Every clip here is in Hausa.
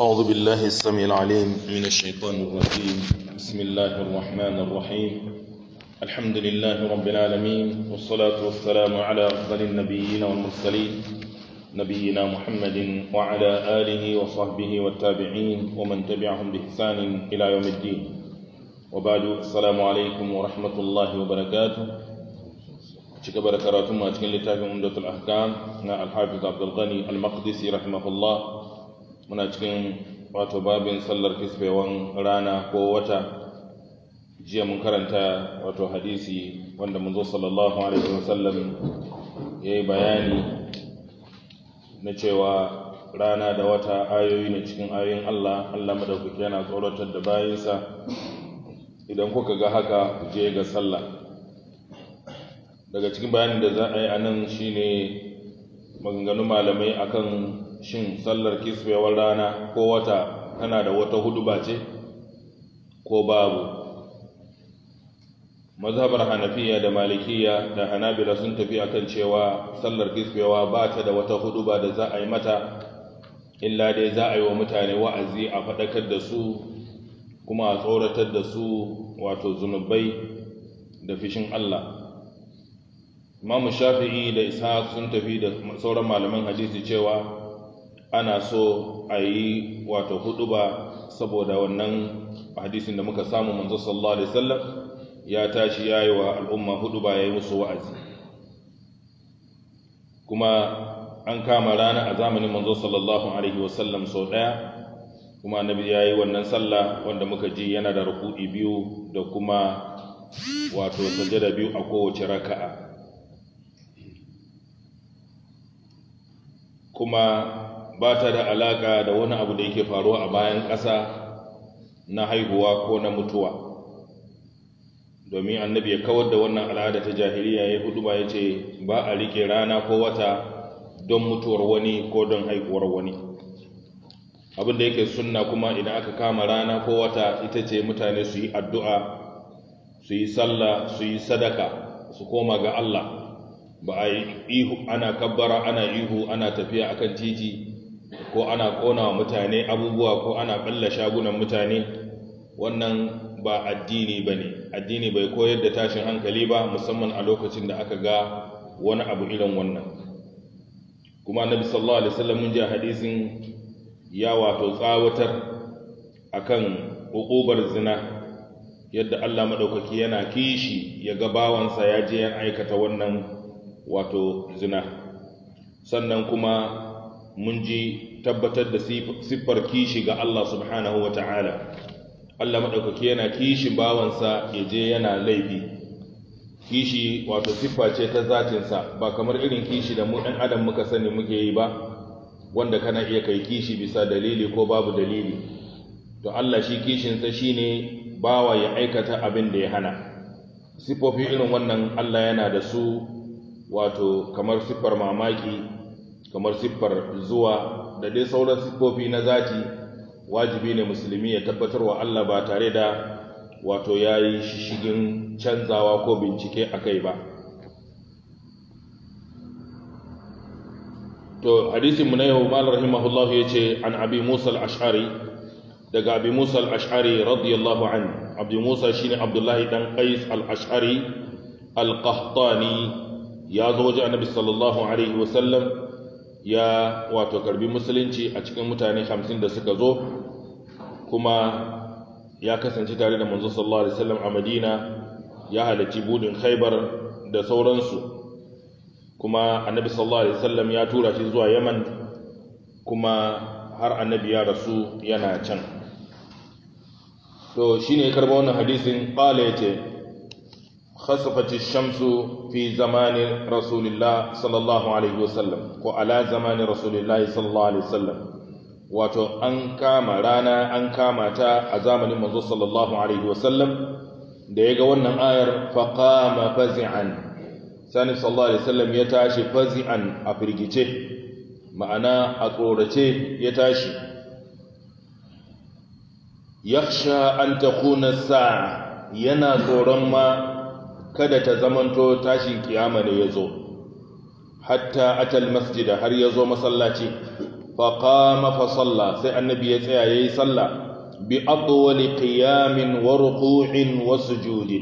أعوذ بالله السميع العليم من الشيطان الرجيم بسم الله الرحمن الرحيم الحمد لله رب العالمين والصلاة والسلام على أفضل النبيين والمرسلين نبينا محمد وعلى آله وصحبه والتابعين ومن تبعهم بإحسان إلى يوم الدين وبعد السلام عليكم ورحمة الله وبركاته شكرا بركاته ما أتكلم لتابع أمدة الأحكام الحافظ عبد الغني المقدسي رحمه الله muna cikin wato babin sallar kisfewan rana ko wata jiya mun karanta wato hadisi wanda mun zo sallallahu alaihi wasallam ya yi bayani na cewa rana da wata ayoyi ne cikin ayoyin Allah Allah madaukaki yana tsoratar da bayansa idan kuka ga haka ku je ga sallah daga cikin bayanin da za a yi anan nan shine maganganun malamai akan shin sallar kisbewar rana ko wata tana da wata huduba ce ko babu mazhabar hanafiya da malikiya da hanabila sun tafi akan cewa sallar kisbewa ba ta da wata hudu ba da za a yi mata illa dai za a yi wa mutane wa'azi a faɗakar da su kuma a tsoratar da su wato zunubai da fishin Allah imamu shafi'i da isa sun tafi da sauran malaman hadisi cewa ana so a yi wato huduba saboda wannan hadisin da muka samu manzo sallallahu alaihi wasallam ya tashi yi wa al'umma huduba yayi musu wa'azi kuma an kama rana a zamanin manzo sallallahu alaihi wasallam sau ɗaya, kuma annabi yayi wannan sallah wanda muka ji yana da ruku'i biyu da kuma wato sajada biyu a kowace raka'a kuma ba ta da alaƙa da wani abu da yake faruwa a bayan ƙasa na haihuwa ko na mutuwa domin annabi ya kawar da wannan al'ada ta jahiliya ya hudu ba ya ce ba a riƙe rana ko wata don mutuwar wani ko don haihuwar wani abin da yake sunna kuma idan aka kama rana ko wata ita ce mutane su yi addu'a su yi sallah su yi sadaka su koma ga Allah ba a yi ihu ana kabbara ana ihu ana tafiya akan titi ko ana ƙona wa mutane abubuwa ko ana ɓalla shagunan mutane wannan ba addini ba ne addini bai koyar da tashin hankali ba musamman a lokacin da aka ga wani abu irin wannan kuma nabi sallallahu alaihi wasallam mun ji hadisin ya wato tsawatar akan uqubar zina yadda Allah maɗaukaki yana kishi ya ga bawansa ya je ya aikata wannan wato zina sannan kuma mun ji tabbatar da siffar kishi ga Allah subhanahu wa ta'ala Allah maɗaukaki yana kishin bawansa ya je yana laifi kishi wato siffa ce ta zatinsa ba kamar irin kishi da mu ɗan adam muka sani muke yi ba wanda kana iya kai kishi bisa dalili ko babu dalili to Allah shi kishinsa shi ne bawa ya aikata abin da ya hana siffofi irin wannan Allah yana da su wato kamar siffar mamaki kamar siffar zuwa da dai sauran siffofi na zati wajibi ne musulmi ya tabbatar wa Allah ba tare da wato ya yi shishigin canzawa ko bincike a kai ba to hadisinmu na yau malar rahimahullahu ya ce an abi musa al-Ashari: daga abi musa al-Ashari, radiyallahu an abi musa shi ne abdullahi ɗan ƙais Al-Ashari, al-qahtani ya zo waje annabi sallallahu alaihi wasallam ya wato karbi musulunci a cikin mutane hamsin da suka zo kuma ya kasance tare da manzo sallallahu alaihi wasallam a Madina ya halarci budin Khaibar da sauransu kuma annabi sallallahu alaihi wasallam ya tura shi zuwa Yaman kuma har annabi ya rasu yana can to shine ya karba wannan hadisin qala yace خسفت الشمس في زمان رسول الله صلى الله عليه وسلم وعلى زمان رسول الله صلى الله عليه وسلم wato an kama rana an kama ta a zamanin manzo sallallahu alaihi wasallam da ya ga wannan ayar faqama fazi'an sani sallallahu alaihi wasallam ya tashi fazi'an a firgice ma'ana a tsorace ya tashi yakhsha an takuna sa'a yana tsoron ma kada ta zamanto tashin kiyama ne ya zo hatta atal masjida har ya zo masallaci faƙama fasalla sai annabi ya tsaya ya yi salla bi abuwali ƙiyamin wa ruku'in wasu judi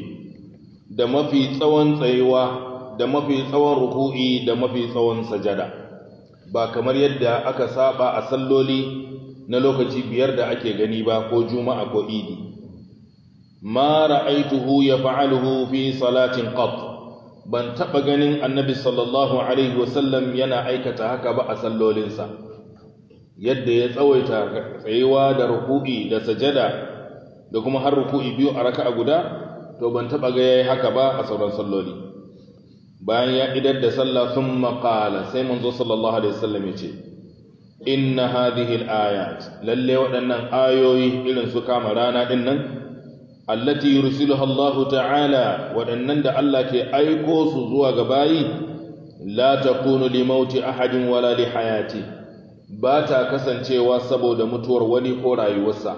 da mafi tsawon tsayuwa da mafi tsawon ruku'i da mafi tsawon sajada ba kamar yadda aka saba a salloli na lokaci biyar da ake gani ba ko juma'a ko idi ma ya yaf'aluhu fi salatin qat ban taba ganin annabi sallallahu alaihi wasallam yana aikata haka ba a sallolinsa yadda ya tsawaita tsayuwa da ruku'i da sajada da kuma har ruku'i biyu a raka'a guda to ban taba ga yayi haka ba a sauran salloli bayan ya idar da sallah thumma qala sai manzo sallallahu alaihi wasallam ya ce inna hadhihi al-ayat lalle waɗannan ayoyi irin su kama rana din nan allati yursiluha Allah ta'ala waɗannan da Allah ke aiko su zuwa ga bayi la takunu li mauti ahadin wala li hayati ba ta kasancewa saboda mutuwar wani ko rayuwarsa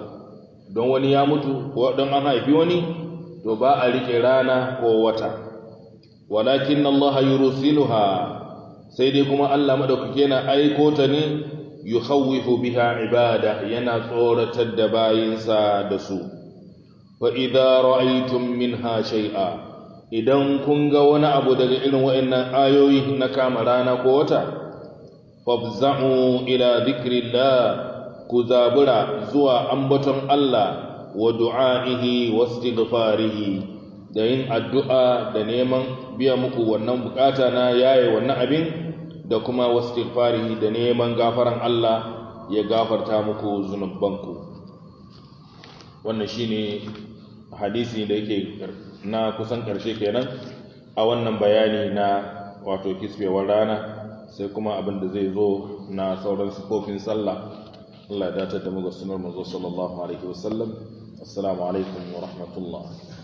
don wani ya mutu ko don an haifi wani to ba a rike rana ko wata walakin Allah yursiluha sai dai kuma Allah madaukake na aiko ta ne yukhawifu biha ibada yana tsoratar da bayinsa da su fa idza ra'aytum minha shay'a idan kun ga wani abu daga irin waɗannan ayoyi na kama rana ko wata fafza'u ila dhikrillah ku zabura zuwa ambaton Allah wa du'a'ihi wastighfarihi da yin addu'a da neman biya muku wannan bukata na yaye wannan abin da kuma wasu da neman gafaran Allah ya gafarta muku zunubanku. wannan shine hadisi da yake na kusan karshe kenan a wannan bayani na wato kisbewar rana sai kuma abin da zai zo na sauran sukofin sallah Allah ya datar da mu ga sunar manzo sallallahu alaihi wasallam assalamu alaikum wa rahmatullah